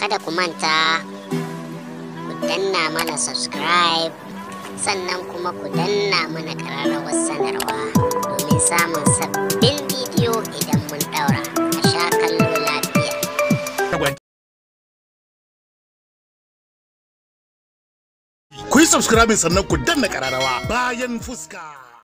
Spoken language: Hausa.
kada ku manta ku danna mana subscribe sannan kuma ku danna mana ƙararrawar sanarwa domin samun sabbin bidiyo idan mun daura a sha lafiya. Ku bayan fuska.